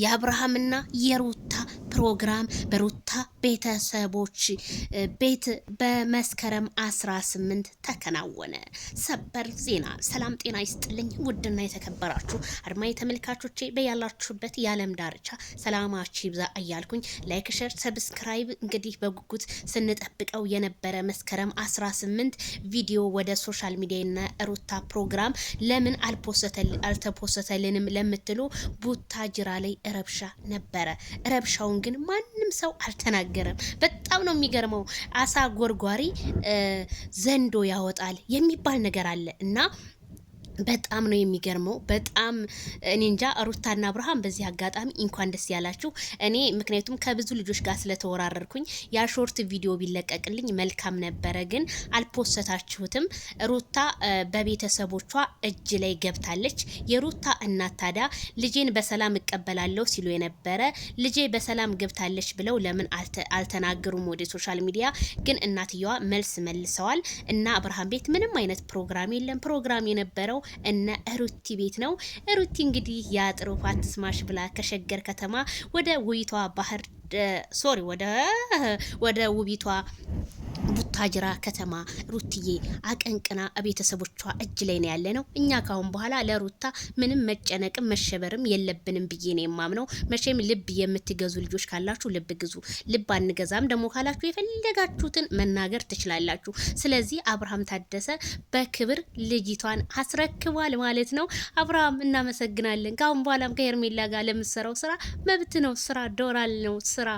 የአብርሃምና የሩታ ፕሮግራም በሩታ በርካታ ቤተሰቦች ቤት በመስከረም 18 ተከናወነ። ሰበር ዜና። ሰላም ጤና ይስጥልኝ። ውድና የተከበራችሁ አድማጭ ተመልካቾቼ በያላችሁበት የዓለም ዳርቻ ሰላማችሁ ይብዛ እያልኩኝ ላይክ፣ ሸር፣ ሰብስክራይብ እንግዲህ በጉጉት ስንጠብቀው የነበረ መስከረም 18 ቪዲዮ ወደ ሶሻል ሚዲያ እና ሩታ ፕሮግራም ለምን አልተፖሰተልንም ለምትሉ ቡታጅራ ላይ ረብሻ ነበረ። ረብሻውን ግን ማን ሰው አልተናገረም። በጣም ነው የሚገርመው። አሳ ጎርጓሪ ዘንዶ ያወጣል የሚባል ነገር አለ እና በጣም ነው የሚገርመው። በጣም እኔ እንጃ። ሩታና ብርሃን በዚህ አጋጣሚ እንኳን ደስ ያላችሁ። እኔ ምክንያቱም ከብዙ ልጆች ጋር ስለተወራረርኩኝ ያ ሾርት ቪዲዮ ቢለቀቅልኝ መልካም ነበረ፣ ግን አልፖሰታችሁትም። ሩታ በቤተሰቦቿ እጅ ላይ ገብታለች። የሩታ እናት ታዲያ ልጄን በሰላም እቀበላለሁ ሲሉ የነበረ ልጄ በሰላም ገብታለች ብለው ለምን አልተናገሩም? ወደ ሶሻል ሚዲያ ግን እናትየዋ መልስ መልሰዋል። እና አብርሃም ቤት ምንም አይነት ፕሮግራም የለም። ፕሮግራም የነበረው እነ ሩቲ ቤት ነው። ሩቲ እንግዲህ ያጥሩፋት ስማሽ ብላ ከሸገር ከተማ ወደ ውይቷ ባህር ሶሪ ወደ ወደ ውቢቷ ቡታጅራ ከተማ ሩትዬ አቀንቅና ቤተሰቦቿ እጅ ላይ ነው ያለ ነው። እኛ ካሁን በኋላ ለሩታ ምንም መጨነቅም መሸበርም የለብንም ብዬ ነው የማምነው። መቼም ልብ የምትገዙ ልጆች ካላችሁ ልብ ግዙ። ልብ አንገዛም ደግሞ ካላችሁ የፈለጋችሁትን መናገር ትችላላችሁ። ስለዚህ አብርሃም ታደሰ በክብር ልጅቷን አስረክቧል ማለት ነው። አብርሃም እናመሰግናለን። ካሁን በኋላም ከሄርሜላ ጋር ለምሰራው ስራ መብት ነው። ስራ ዶራል ነው ስራ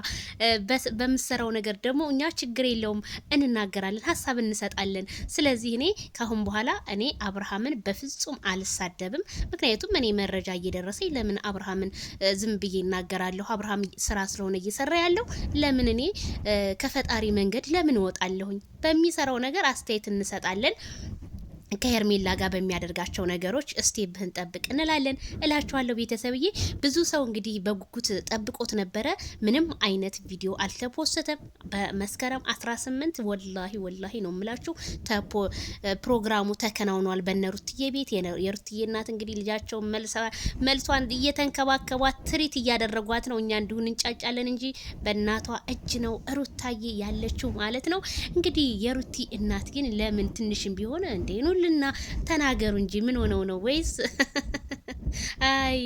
በምሰራው ነገር ደግሞ እኛ ችግር የለውም እንናገራለን፣ ሀሳብ እንሰጣለን። ስለዚህ እኔ ካሁን በኋላ እኔ አብርሃምን በፍጹም አልሳደብም። ምክንያቱም እኔ መረጃ እየደረሰኝ ለምን አብርሃምን ዝም ብዬ እናገራለሁ? አብርሃም ስራ ስለሆነ እየሰራ ያለው ለምን እኔ ከፈጣሪ መንገድ ለምን እወጣለሁኝ? በሚሰራው ነገር አስተያየት እንሰጣለን። ከሄርሜላ ጋር በሚያደርጋቸው ነገሮች እስቴብህን ጠብቅ እንላለን እላችኋለሁ። ቤተሰብዬ ብዙ ሰው እንግዲህ በጉጉት ጠብቆት ነበረ። ምንም አይነት ቪዲዮ አልተፖሰተም። በመስከረም 18 ወላሂ ወላሂ ነው የምላችሁ ፕሮግራሙ ተከናውኗል በነ ሩትዬ ቤት። የሩትዬ እናት እንግዲህ ልጃቸውን መልሷን እየተንከባከቧት ትሪት እያደረጓት ነው። እኛ እንዲሁን እንጫጫለን እንጂ በእናቷ እጅ ነው ሩታዬ ያለችው ማለት ነው። እንግዲህ የሩቲ እናት ግን ለምን ትንሽም ቢሆን እንዴ ሉልና ተናገሩ እንጂ ምን ሆነው ነው? ወይስ አይ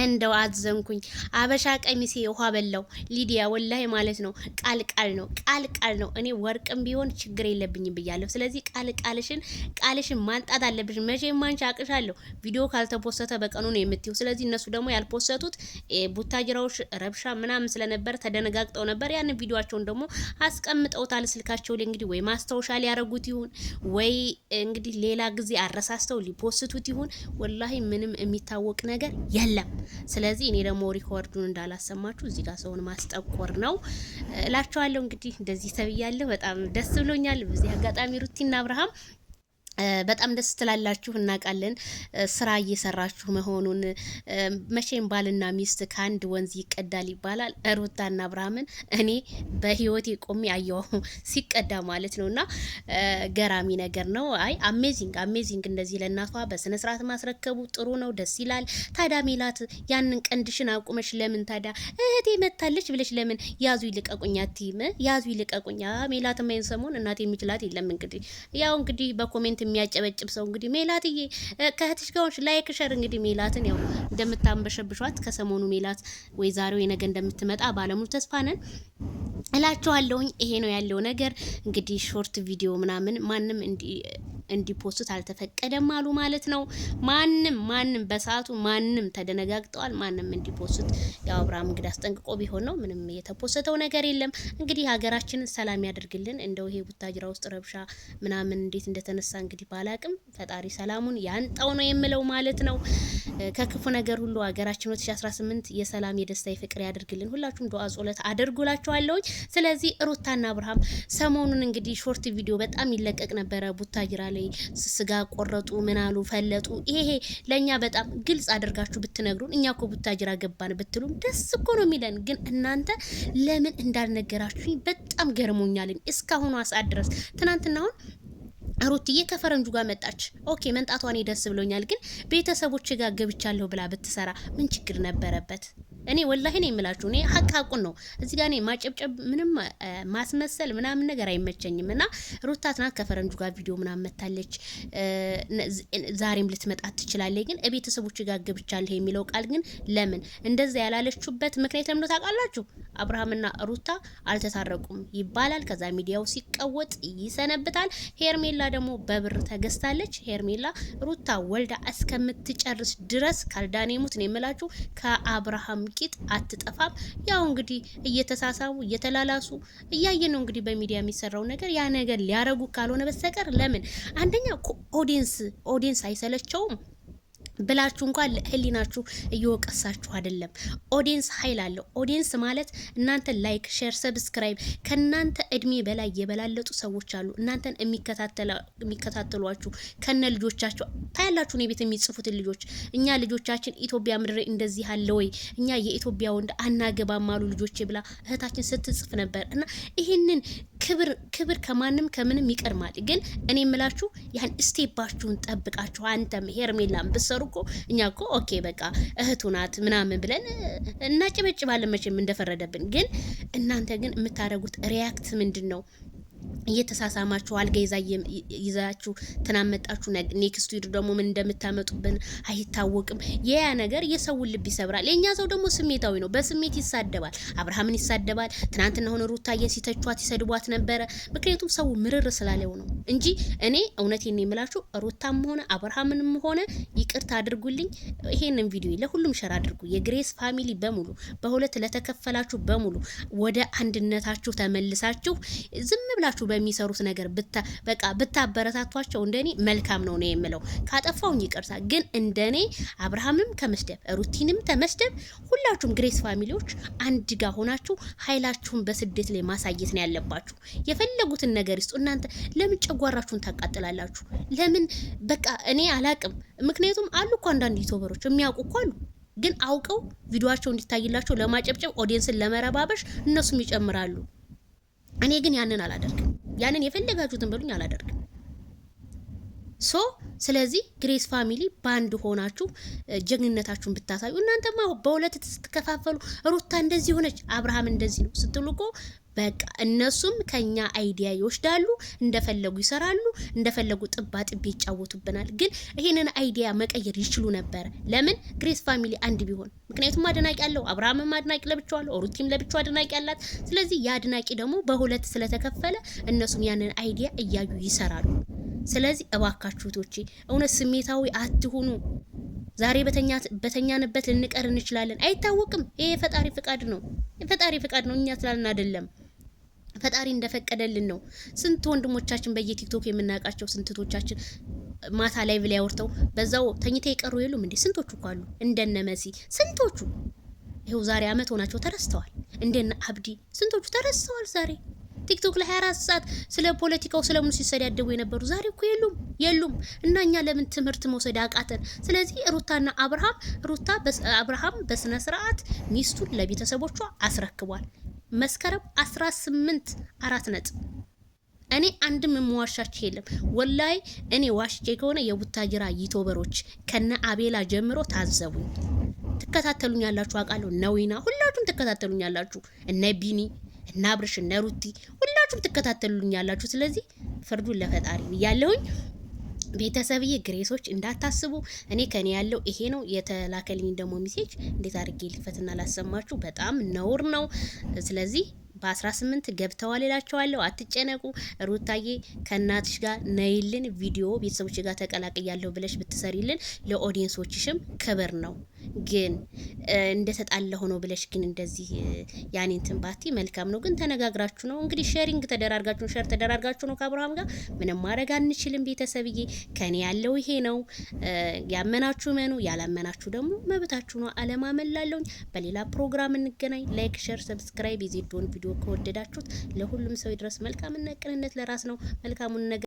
እንደው አዘንኩኝ። አበሻ ቀሚሴ ውሃ በላው። ሊዲያ ወላሂ ማለት ነው ቃል ቃል ነው ቃል ቃል ነው። እኔ ወርቅም ቢሆን ችግር የለብኝም ብያለሁ። ስለዚህ ቃል ቃልሽን ቃልሽን ማንጣት አለብሽ። መቼ ማንሽ አቅሻለሁ። ቪዲዮ ካልተፖሰተ በቀኑ ነው የምትይው። ስለዚህ እነሱ ደግሞ ያልፖሰቱት ቡታጅራዎች ረብሻ ምናምን ስለነበር ተደነጋግጠው ነበር። ያንን ቪዲዮቸውን ደግሞ አስቀምጠውታል ስልካቸው ላይ። እንግዲህ ወይ ማስታወሻ ሊያረጉት ይሁን ወይ እንግዲህ ሌላ ጊዜ አረሳስተው ሊፖስቱት ይሁን። ወላሂ ምንም የሚታወቅ ነገር የለም። ስለዚህ እኔ ደግሞ ሪኮርዱን እንዳላሰማችሁ እዚህ ጋር ሰውን ማስጠቆር ነው እላችኋለሁ። እንግዲህ እንደዚህ ተብያለሁ። በጣም ደስ ብሎኛል። በዚህ አጋጣሚ ሩቲና አብርሃም በጣም ደስ ትላላችሁ፣ እናውቃለን ስራ እየሰራችሁ መሆኑን። መቼም ባልና ሚስት ከአንድ ወንዝ ይቀዳል ይባላል። ሩታና አብርሃምን እኔ በህይወቴ ቆሜ አየሁ ሲቀዳ ማለት ነው። እና ገራሚ ነገር ነው። አይ አሜዚንግ አሜዚንግ! እንደዚህ ለእናቷ በስነ ስርዓት ማስረከቡ ጥሩ ነው፣ ደስ ይላል። ታዳ ሜላት ያንን ቀንድሽን አቁመሽ ለምን ታዳ እህቴ መታለች ብለሽ ለምን ያዙ ይልቀቁኛ ቲም ያዙ ይልቀቁኛ ሜላት ማይን ሰሞን እናቴ የሚችላት የለም እንግዲህ ያው እንግዲህ በኮሜንት የሚያጨበጭብ ሰው እንግዲህ ሜላትዬ ከእህትሽ ጋር ላይክ ሸር እንግዲህ ሜላትን ያው እንደምታንበሸብሿት ከሰሞኑ ሜላት ወይ ዛሬ ወይ ነገ እንደምትመጣ ባለሙሉ ተስፋ ነን እላችኋለሁኝ። ይሄ ነው ያለው ነገር እንግዲህ ሾርት ቪዲዮ ምናምን ማንም እንዲፖስት አልተፈቀደም አሉ ማለት ነው። ማንም ማንም በሰዓቱ ማንም ተደነጋግጠዋል። ማንም እንዲፖስት ያው አብርሃም እንግዲህ አስጠንቅቆ ቢሆን ነው ምንም የተፖሰተው ነገር የለም። እንግዲህ ሀገራችንን ሰላም ያደርግልን። እንደው ይሄ ቡታጅራ ውስጥ ረብሻ ምናምን እንዴት እንደተነሳ እንግዲህ እንግዲህ ባላቅም ፈጣሪ ሰላሙን ያንጣው ነው የምለው ማለት ነው። ከክፉ ነገር ሁሉ ሀገራችን 2018 የሰላም የደስታ የፍቅር ያድርግልን። ሁላችሁም ዱአ ጾለት አድርጉላችኋለሁ። ስለዚህ ሩታና አብርሃም ሰሞኑን እንግዲህ ሾርት ቪዲዮ በጣም ይለቀቅ ነበረ። ቡታጅራ ላይ ስጋ ቆረጡ፣ ምናሉ ፈለጡ። ይሄ ለእኛ በጣም ግልጽ አድርጋችሁ ብትነግሩን እኛ ኮ ቡታጅራ ገባን ብትሉን ደስ እኮ ነው የሚለን። ግን እናንተ ለምን እንዳልነገራችሁኝ በጣም ገርሞኛልን እስካሁኑ አሳት ድረስ ትናንትና አሁን ሩትዬ ከፈረንጁ ጋር መጣች። ኦኬ መንጣቷ እኔ ደስ ብሎኛል፣ ግን ቤተሰቦች ጋር ገብቻለሁ ብላ ብትሰራ ምን ችግር ነበረበት? እኔ ወላሂ ነው የምላችሁ። እኔ ሀቅ ሀቁን ነው እዚህ ጋር እኔ ማጨብጨብ ምንም ማስመሰል ምናምን ነገር አይመቸኝም። እና ሩታ ትናንት ከፈረንጁ ጋር ቪዲዮ ምናምን መታለች። ዛሬም ልትመጣት ትችላለች። ግን ቤተሰቦች ጋር ገብቻለሁ የሚለው ቃል ግን ለምን እንደዛ ያላለችበት ምክንያት ለምን ታውቃላችሁ? አብርሃምና ሩታ አልተታረቁም ይባላል። ከዛ ሚዲያው ሲቀወጥ ይሰነብታል። ሄርሜላ ደግሞ በብር ተገዝታለች። ሄርሜላ ሩታ ወልዳ እስከምትጨርስ ድረስ ካልዳኔሙት ነው የምላችሁ ከአብርሃም እልቂት አትጠፋም። ያው እንግዲህ እየተሳሳቡ እየተላላሱ እያየ ነው እንግዲህ በሚዲያ የሚሰራው ነገር። ያ ነገር ሊያረጉ ካልሆነ በስተቀር ለምን አንደኛ ኦዲንስ ኦዲንስ አይሰለቸውም። ብላችሁ እንኳን ለህሊናችሁ እየወቀሳችሁ አይደለም። ኦዲየንስ ኃይል አለው። ኦዲየንስ ማለት እናንተን ላይክ፣ ሼር፣ ሰብስክራይብ ከእናንተ እድሜ በላይ የበላለጡ ሰዎች አሉ። እናንተን የሚከታተሏችሁ ከነ ልጆቻቸው ታያላችሁ። ነው ቤት የሚጽፉትን ልጆች እኛ ልጆቻችን ኢትዮጵያ ምድር እንደዚህ አለ ወይ እኛ የኢትዮጵያ ወንድ አናገባም አሉ ልጆቼ ብላ እህታችን ስትጽፍ ነበር። እና ይህንን ክብር ክብር ከማንም ከምንም ይቀድማል። ግን እኔ የምላችሁ ያን ስቴፓችሁን ጠብቃችሁ አንተም ሄርሜላም ብሰሩ እኮ እኛ እኮ ኦኬ በቃ እህቱ ናት ምናምን ብለን እናጭበጭባለን መቼም እንደፈረደብን። ግን እናንተ ግን የምታደርጉት ሪያክት ምንድን ነው? እየተሳሳማችሁ አልጋ ይዛችሁ ትናመጣችሁ ኔክስቱ ሂዱ ደግሞ ምን እንደምታመጡብን አይታወቅም። ያ ነገር የሰውን ልብ ይሰብራል። የእኛ ሰው ደግሞ ስሜታዊ ነው፣ በስሜት ይሳደባል፣ አብርሃምን ይሳደባል። ትናንትና ሆነ ሩታየን ሲተቿት ይሰድቧት ነበረ። ምክንያቱም ሰው ምርር ስላለው ነው እንጂ እኔ እውነቴን ነው የምላችሁ፣ ሩታም ሆነ አብርሃምንም ሆነ ይቅርታ አድርጉልኝ። ይሄንን ቪዲዮ ለሁሉም ሸር አድርጉ። የግሬስ ፋሚሊ በሙሉ በሁለት ለተከፈላችሁ በሙሉ ወደ አንድነታችሁ ተመልሳችሁ ዝም ብላችሁ በሚሰሩት ነገር በቃ ብታበረታቷቸው እንደኔ መልካም ነው ነው የምለው። ካጠፋውኝ ይቅርታ፣ ግን እንደኔ አብርሃምም ከመስደብ ሩቲንም ተመስደብ፣ ሁላችሁም ግሬስ ፋሚሊዎች አንድ ጋ ሆናችሁ ኃይላችሁን በስደት ላይ ማሳየት ነው ያለባችሁ። የፈለጉትን ነገር ይስጡ። እናንተ ለምን ጨጓራችሁን ታቃጥላላችሁ? ለምን በቃ እኔ አላቅም። ምክንያቱም አሉ እኮ አንዳንድ ዩቱበሮች የሚያውቁ እኮ አሉ ግን አውቀው ቪዲዮቸው እንዲታይላቸው ለማጨብጨብ ኦዲየንስን ለመረባበሽ እነሱም ይጨምራሉ። እኔ ግን ያንን አላደርግም። ያንን የፈለጋችሁትን በሉኝ አላደርግም። ሶ ስለዚህ ግሬስ ፋሚሊ በአንድ ሆናችሁ ጀግንነታችሁን ብታሳዩ። እናንተማ በሁለት ስትከፋፈሉ ሩታ እንደዚህ ሆነች፣ አብርሃም እንደዚህ ነው ስትሉ እኮ በቃ እነሱም ከኛ አይዲያ ይወስዳሉ፣ እንደፈለጉ ይሰራሉ፣ እንደፈለጉ ጥባጥቤ ይጫወቱብናል። ግን ይሄንን አይዲያ መቀየር ይችሉ ነበር። ለምን ግሬስ ፋሚሊ አንድ ቢሆን። ምክንያቱም አድናቂ አለው፣ አብርሃምም አድናቂ ለብቻው አለው፣ ሩቲም ለብቻው አድናቂ አላት። ስለዚህ አድናቂ ደግሞ በሁለት ስለተከፈለ እነሱም ያንን አይዲያ እያዩ ይሰራሉ። ስለዚህ እባካችሁ እውነት ስሜታዊ አትሁኑ። ዛሬ በተኛንበት ልንቀር እንችላለን፣ አይታወቅም። ይሄ የፈጣሪ ፍቃድ ነው። የፈጣሪ ፍቃድ ነው እኛ ስላልን አይደለም። ፈጣሪ እንደፈቀደልን ነው። ስንት ወንድሞቻችን በየቲክቶክ የምናውቃቸው ስንትቶቻችን ማታ ላይ ብላ ያወርተው በዛው ተኝተው የቀሩ የሉም እንዴ? ስንቶቹ እኮ አሉ እንደነ መሲ ስንቶቹ ይኸው ዛሬ አመት ሆናቸው ተረስተዋል። እንደነ አብዲ ስንቶቹ ተረስተዋል። ዛሬ ቲክቶክ ለ 24 ሰዓት ስለ ፖለቲካው ስለምን ሲሰዳደቡ የነበሩ ዛሬ እኮ የሉም የሉም። እና እኛ ለምን ትምህርት መውሰድ አቃተን? ስለዚህ ሩታና አብርሃም ሩታ አብርሃም በስነ ስርዓት ሚስቱን ለቤተሰቦቿ አስረክቧል። መስከረም 18 አራት ነጥብ እኔ አንድም የምዋሻችሁ የለም። ወላይ እኔ ዋሽቼ ከሆነ የቡታጅራ ይቶበሮች ከነ አቤላ ጀምሮ ታዘቡኝ። ትከታተሉኛላችሁ አውቃለሁ። ነዊና ሁላችሁም ትከታተሉኛላችሁ። እነ ቢኒ እነ አብርሽ እነ ሩቲ ሁላችሁም ትከታተሉኛላችሁ። ስለዚህ ፍርዱን ለፈጣሪ ብያለሁኝ። ቤተሰብዬ ግሬሶች እንዳታስቡ፣ እኔ ከኔ ያለው ይሄ ነው። የተላከልኝ ደግሞ ሚሴጅ እንዴት አድርጌ ልክፈትና ላሰማችሁ፣ በጣም ነውር ነው። ስለዚህ በ18 ገብተዋል እላቸዋለሁ። አትጨነቁ። ሩታዬ ከእናትሽ ጋር ነይልን ቪዲዮ ቤተሰቦች ጋር ተቀላቅያለሁ ብለሽ ብትሰሪልን ለኦዲየንሶችሽም ክብር ነው። ግን እንደተጣለ ሆኖ ብለሽ ግን እንደዚህ ያኔ እንትን ባቲ መልካም ነው። ግን ተነጋግራችሁ ነው እንግዲህ ሼሪንግ ተደራርጋችሁ ሼር ተደራርጋችሁ ነው ከአብርሃም ጋር ምንም ማድረግ አንችልም። ቤተሰብዬ ከኔ ያለው ይሄ ነው። ያመናችሁ መኑ፣ ያላመናችሁ ደግሞ መብታችሁ ነው። አለማመን ላለውኝ በሌላ ፕሮግራም እንገናኝ። ላይክ፣ ሼር፣ ሰብስክራይብ የዜዶን ቪዲዮ ከወደዳችሁት ለሁሉም ሰው ይድረስ። መልካምነት ቅንነት ለራስ ነው። መልካሙን ነገር